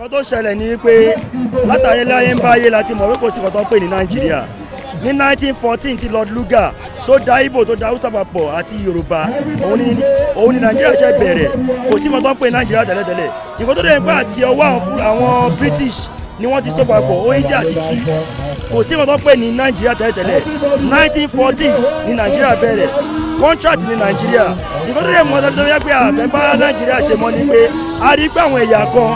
nǹkan tó ṣẹlẹ̀ ni wípé látàyè láyé ń báyé la ti mọ̀ pé kò sí nǹkan pè ní nàìjíríà ní 1914 ti Lord Lugard tó dá Ìgbò tó dá Hausa papọ̀ àti Yorùbá òun ni Nàìjíríà ṣe bẹ̀rẹ̀ kò sí nǹkan tó ń pè Nàìjíríà tẹ́lẹ̀tẹ́lẹ̀ nǹkan tó dẹ̀ pé àti ọwọ́ àwọn British ni wọ́n ti so papọ̀ oíṣẹ́ àti tú kò sí nǹkan tó ń pè ní Nàìjíríà tẹ́lẹ̀tẹ́lẹ̀ 1914 ni Nàìjíríà bẹ̀rẹ̀ contract ni Nàìjíríà nǹkan tó dẹ̀ mọ́ tẹ́lẹ̀ tó yẹ pé àfẹ́ bá Nàìjíríà ṣe mọ́ ni pé a rí pé àwọn ẹ̀yà kan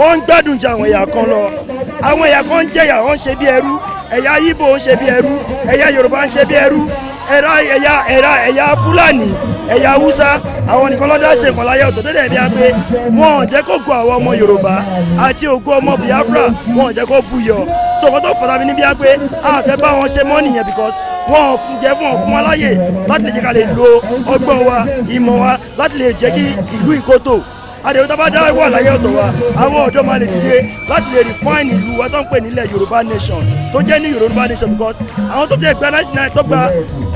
wọ́n ń gbádùn ju àwọn ẹ̀yà kan lọ àwọn ẹ̀yà kan ń jẹ̀yà wọ́n ń ṣe bí ẹrú ẹ̀yà Ìgbò ń ṣe bí ẹrú ẹ̀yà Yorùbá ń ṣe bí ẹrú ẹ̀yà ẹ̀yà Fúlàní ẹ̀yà Haúsá àwọn nìkan lọ́dá ṣe nǹkan láyé ọ̀tọ̀ tó dẹ̀ bí a pé kó gun àwọn ọmọ Yorùbá àti ògùn ọmọ Biafra wọn ò kó buyọ̀ so nǹkan fọ̀tà mi ní bí a bá wọn ṣe mọ́ nìyẹn because wọn ò jẹ́ fún wọn fún láti lè jẹ́ ká lè lo ọgbọ́n wa ìmọ̀ wa láti lè jẹ́ kí ìlú ìkótó àdéhùn tá a bá dá wà láyé ọ̀tọ̀ wa àwọn ọ̀dọ́ máa lè dìde láti lè refine ìlú wa tó ń pè nílẹ̀ yorùbá nation tó jẹ́ ní yorùbá nation because àwọn tó ti gba ninety nine tó gba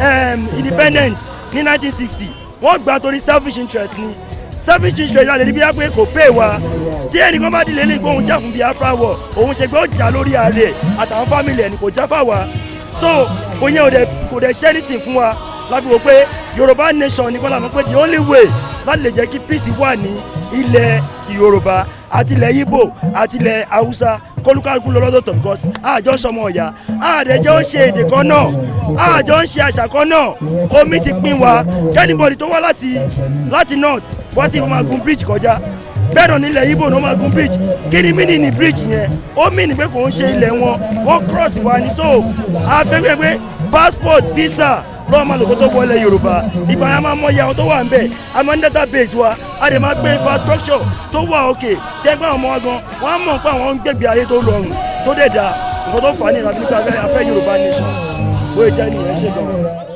ehm, independent ní nineteen sixty wọ́n gba torí selfish interest ni selfish interest alẹ́ níbi yàgbé kò pè wá tí ẹnìkan bá dìlé lè gbóhùn jà fún biafra wọ̀ òun ṣe gbé ọjà lórí ààrẹ àtàwọn fámìlì ẹni kò já fáwa so kò yẹn kò dẹ̀ ṣẹ́ anything fún wa láti wò pé yorùbá nation nìkan làwọn pé the only way láti lè jẹ́ kí peace wà ní ilẹ̀ yorùbá àti ilẹ̀ yíbò àti ilẹ̀ haúsá kọlùkàlùkù lọ because àjọ sọmọ ọ̀yà àdẹjọ́ ń ṣe èdè kan náà àjọ ń ṣe àṣà kan náà omi ti pín wa kẹ́nìbọ̀dì tó wá láti láti north wá sí ìfọ̀mọ̀ agun bridge kọjá bẹ́ẹ̀ náà nílẹ̀ yíbò ní ọmọkùn bridge kí ni bridge yẹn ó mí pé kò ń ṣe ilẹ̀ wọn wọ́n cross wa ní so afẹ́fẹ́fẹ́ passport visa kọ́ máa lòkó tó wọlé yorùbá ìgbà yẹn a mọ iye àwọn tó wà ń bẹ̀ a data base wa a dẹ̀ máa gbé infrastructure tó wà òkè tẹ́gbọ́n àwọn ọmọ wa gan wọ́n á mọ̀ pé àwọn ń gbẹ̀gbẹ̀ ayé tó rọrùn tó dẹ̀ da nǹkan tó fà á ní ìlànà nípa afẹ́ yorùbá nation bóyá jẹ́ nìyẹn ṣe gan.